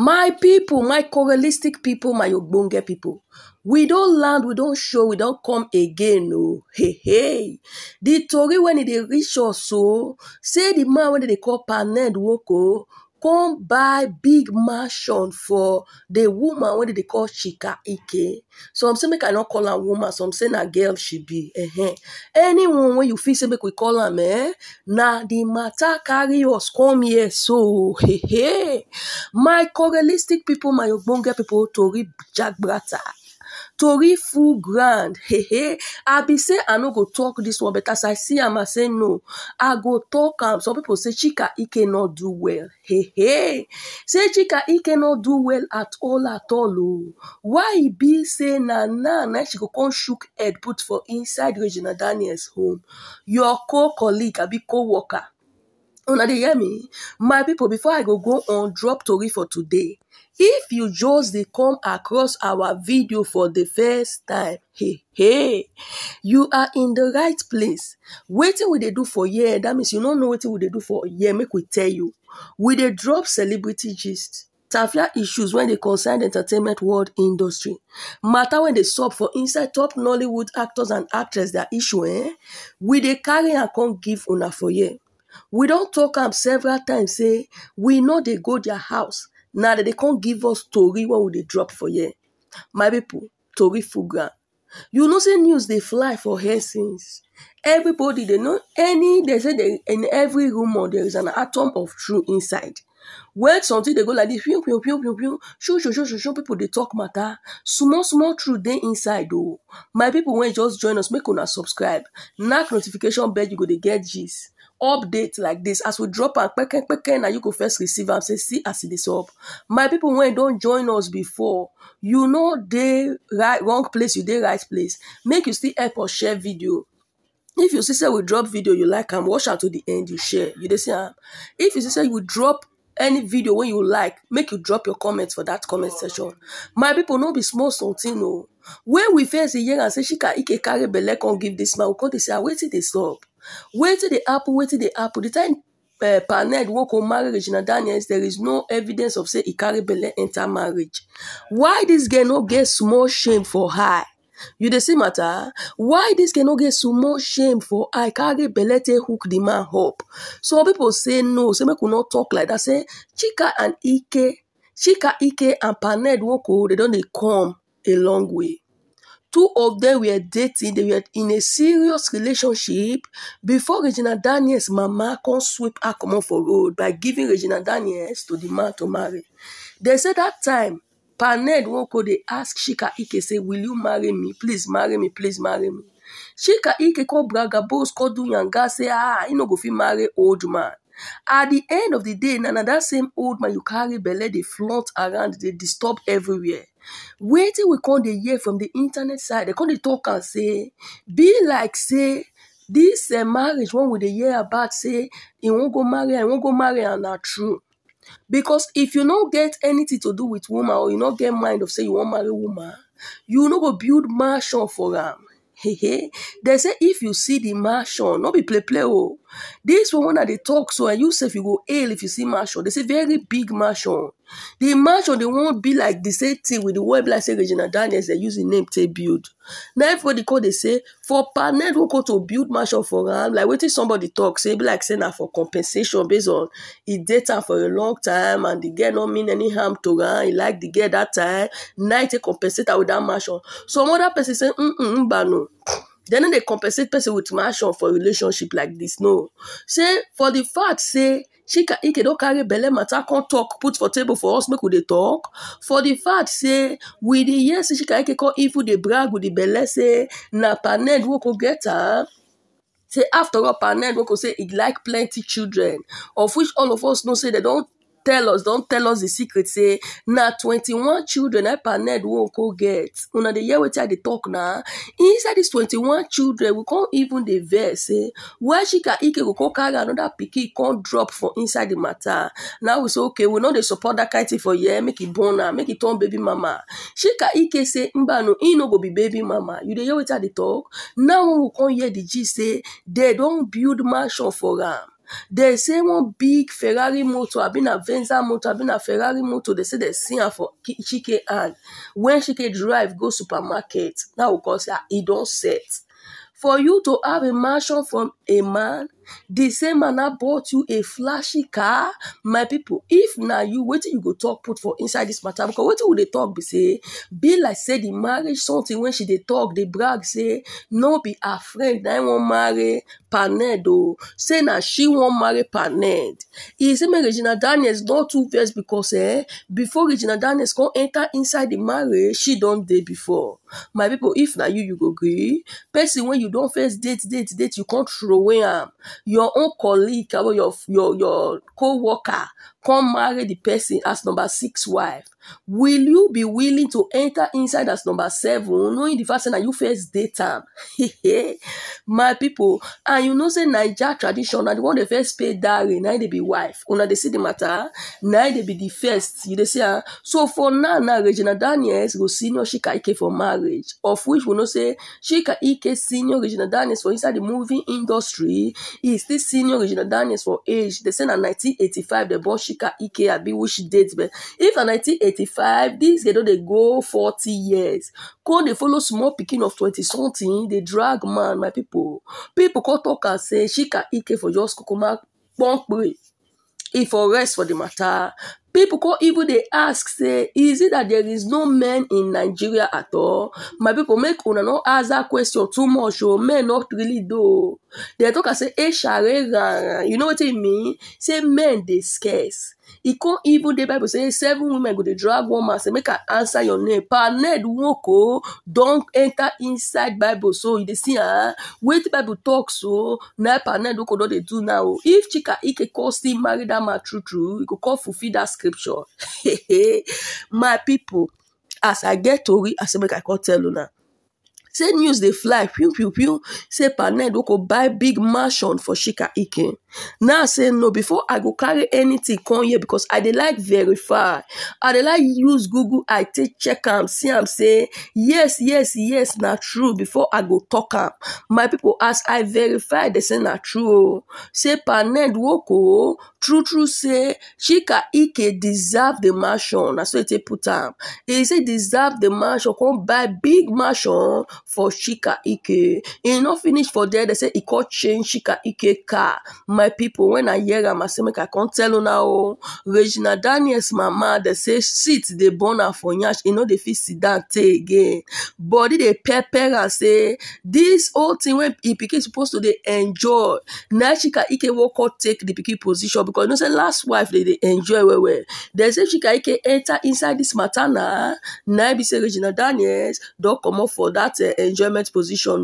My people, my coralistic people, my Ogbonge people, we don't land, we don't show, we don't come again. Oh, hey, hey. The Tory, when they reach us, so oh, say the man when they call Panend Woko, oh, kon bay big mashon for de wuman wè di de kò chika ike. Eh, so, amseme ka yon kolan wuman, so amseme na gel shibi. Ehe. Anyone wè yon fi seme kwe kolan me, na di mata kari yon skon miye sou. Ehe. May korelistik pipo, may obongye pipo, tori jak brata. tori full ground hehe be say i no go talk dis one but as i see am i say no i go talk am some pipo say chika ike no do well hehe say chika ike no do well at all at all o why e be say na now na go come shook head put for inside regina daniels home your co colleague co worker una dey hear me my pipo before i go go on drop tori for today. If you just dey come across our video for the first time, hey hey, you are in the right place. Wetin we dey do for here, that means you no know wetin we dey do for here, make we tell you. We dey drop celebrity gist, tafiya issues wey dey concern entertainment world industry, matter wey dey sup for inside top Nollywood actors and actress their issue eh, we dey carry am come give una for here. We don talk am several times say we no dey go their house Now that they can't give us Tory, what would they drop for you, my people? Tory Fuga. you know say news they fly for here since everybody they know any they say they, in every rumor there is an atom of truth inside when something they go like this pew pew pew pew pew shoo shoo shoo shoo shoo people they talk matter small small truth dey inside though. my people when just join us make una subscribe Knock notification bell you go to get gist update like this as we drop quick, kpeke quick, and you go first receive and say see as it is up my people when don't join us before you know they right wrong place you they right place make you still help or share video if you see say we drop video you like and watch out to the end you share you dey see if you see say we drop any video when you like make you drop your comments for that comment oh, section my people, no be small something o when we face a hear and say she chika ike carry belle come give this man we come ah, dey say they stop, wait till they apple, wait till they apple. the time uh, paned woko marry regina daniels there is no evidence of say e carry belle enter marriage why this girl not get small shame for her You dey see matter? Why this cannot get so much shame for I carry belete hook the man up? Some people say no, say make not talk like that. Say Chika and Ike, Chika Ike and Paned Woko, they don't they come a long way. Two of them were dating, they were in a serious relationship before Regina Daniels' mama can sweep her come for road by giving Regina Daniels to the man to marry. They said that time Paned Nwoko dey ask Chika Ike say, will you marry me? Please marry me, please marry me. Chika Ike call Braga boast, call Dunyanga say, ah, you no go fit marry old man. At the end of the day, na na that same old man you carry belle dey flaunt around, they disturb everywhere. Wetin we come the year from the internet side, they come the talk and say, be like say this uh, marriage one we the year about say he won't go marry he won't go marry and na true. Because if you no get anything to do with woman or you no get mind of say you wan marry woman, you no go build mansion for am. dem say if you see the mansion no be play play o this one wey i dey talk so and you sef you go hail if you see mansion dem say very big mansion The match on the one be like the same thing with the one like say Regina Daniels they use the name to build. Now for the call they say for partner who network to build match up for him like wetin somebody talk say e be like say na for compensation based on e date am for a long time and the girl no mean any harm to him he e like the girl that time now he compensate am with that match on. Some other person say mm mm mba no dem no dey compensate person with match on for relationship like this no. say for the fact say she can, he cannot carry belle matter come talk put for table for us make we talk for the fact say with the yes, she can ike come even they brag with the belle say na paned we could get her Say after all, Paned could say he like plenty children, of which all of us know say they don't tell us don tell us di secret say na 21 children epanet nwoke get una dey hear wetin i dey talk na inside dis 21 children we con even dey vex say where chika ike go carry anoda pikin con drop for inside di matter now we say okay we no dey support dat kind thing for here make e born am make e turn baby mama chika ike say mbano e no go be baby mama you dey hear wetin i dey talk now we con hear di gist say dem don build mansion for am They say one big Ferrari motor, I've been a Venza motor, I've been a Ferrari motor. They say they see her for Chike hand. When Chike drive, go supermarket. Now, of course, it don't set. For you to have a mansion from a man the same man that bought you a flashy car my people if na you wetin you go talk put for inside this matter because wait we they talk be say be like say the marriage something when she they talk they brag say no be a friend won't marry paned say na she won't marry paned He say make regina daniels not too vex because eh before regina daniels come enter inside the marriage she don't date before my people if na you you go agree, person when you don't first date date date you can't throw way am um, your own colleague or your your your co-worker come marry the person as number six wife will you be willing to enter inside as number seven knowing the fact that you first date my people and you know say naija tradition na the one dey first pay dowry Now they be wife When they see the matter now they be the first you dey see am so for now na regina daniels go senior chika ike for marriage of which we know say chika ike senior regina daniels for inside the movie industry is this senior regina daniels for age They say in 1985 they bought. Chika Ike abi which date but if na 1985 this year don dey go 40 years come dey follow small pikin of 20 something dey drag man my people. People come tok am say Chika Ike for just kukuma kpomkpe e for rest for the matter people come even dey ask say is it that there is no men in nigeria at all my people make una no ask that question too much o oh. men no really dey They talk and say, hey, eh, Sharega. You know what I mean? Say, men, they scarce. e con even the bible say seven women go to drag one man say make i answer your name paned oh, don't enter inside bible so you dey see ah wetin bible talk so na paned nwoko don dey do now if chika ike call still marry dat man true true e go call fulfil that scripture my people, as i get tori i say make i call tell now. say news dey fly pew pew pew say paned go buy big mansion for shika ike now say no before i go carry anything come here because i dey like verify i dey like use google eye take check am see am say yes yes yes na true before i go talk am my people as i verify dey say na true o oh. say paned woko oh. true true say chika ike deserve the mansion na so e take put am He say deserve the mansion come buy big mansion for Chika Ike. E no finish for there. They say e call change Chika Ike car. My people, when I hear am, I say make I come tell you now. Regina Daniels mama, they say shit dey burn am for yansh. E no dey fit sit down tey again. Body they pepper am say this whole thing when e pikin supposed to they enjoy. Now Chika Ike wan come take the pikin position because you know say last wife they they enjoy well well. They say Chika Ike enter inside this matana. Now Na be say Regina Daniels don't come up for that uh, enjoyment position.